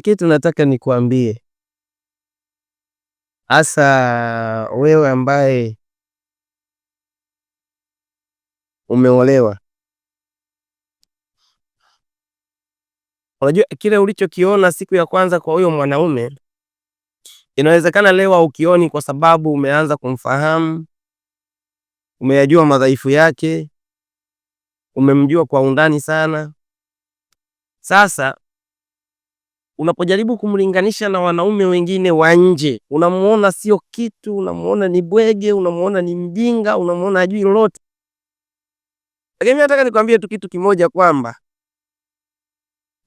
Kitu nataka nikuambie hasa wewe ambaye umeolewa. Unajua kile ulichokiona siku ya kwanza kwa huyo mwanaume, inawezekana leo ukioni kwa sababu umeanza kumfahamu, umeyajua madhaifu yake, umemjua kwa undani sana. Sasa unapojaribu kumlinganisha na wanaume wengine wa nje, unamuona sio kitu, unamuona ni bwege, unamuona ni mjinga, unamuona hajui lolote. Lakini nataka nikwambie tu kitu kimoja kwamba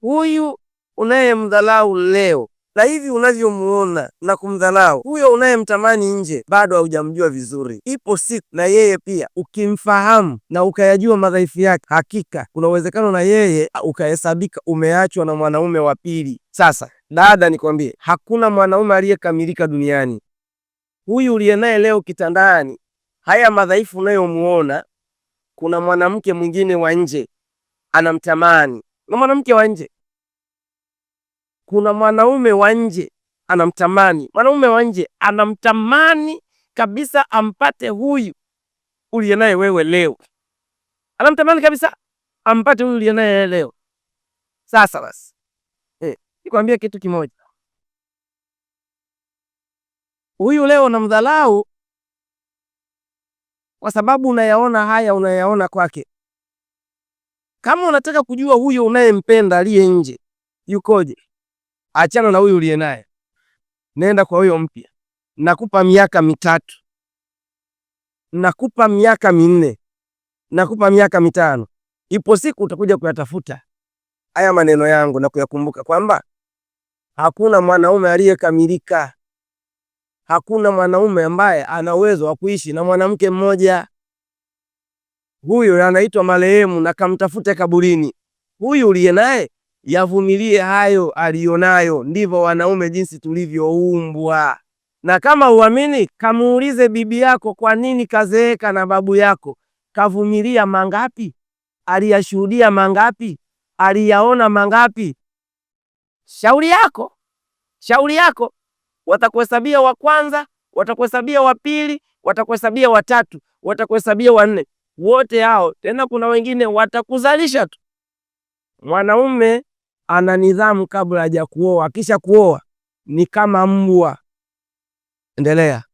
huyu unayemdhalau leo na hivi unavyomuona na kumdhalau huyo unayemtamani nje, bado haujamjua vizuri. Ipo siku na yeye pia ukimfahamu na ukayajua madhaifu yake, hakika kuna uwezekano na yeye ukahesabika umeachwa na mwanaume wa pili. Sasa dada, nikwambie, hakuna mwanaume aliyekamilika duniani. Huyu uliye naye leo kitandani, haya madhaifu unayomuona, kuna mwanamke mwingine wa nje anamtamani, na mwanamke wa nje kuna mwanaume wa nje anamtamani, mwanaume wa nje anamtamani kabisa ampate huyu uliye naye wewe leo, anamtamani kabisa ampate huyu uliye naye leo. Sasa basi, eh, nikwambie kitu kimoja, huyu leo unamdhalau kwa sababu unayaona haya unayaona kwake. Kama unataka kujua huyo unayempenda aliye nje yukoje, achana na huyu uliye naye, nenda kwa huyo mpya. Nakupa miaka mitatu, nakupa miaka minne, nakupa miaka mitano. Ipo siku utakuja kuyatafuta haya maneno yangu na kuyakumbuka kwamba hakuna mwanaume aliyekamilika, hakuna mwanaume ambaye ana uwezo wa kuishi na mwanamke mmoja. Huyo anaitwa marehemu, na kamtafute kaburini. Huyu uliye naye yavumilie hayo aliyonayo. Ndivyo wanaume jinsi tulivyoumbwa. Na kama uamini, kamuulize bibi yako kwa nini kazeeka na babu yako. Kavumilia mangapi? Aliyashuhudia mangapi? Aliyaona mangapi? Shauri yako, shauri yako. Watakuhesabia wa kwanza, watakuhesabia wa pili, watakuhesabia wa tatu, watakuhesabia wa nne. Wote hao tena, kuna wengine watakuzalisha tu. Mwanaume ana nidhamu kabla haja kuoa, kisha kuoa ni kama mbwa. Endelea.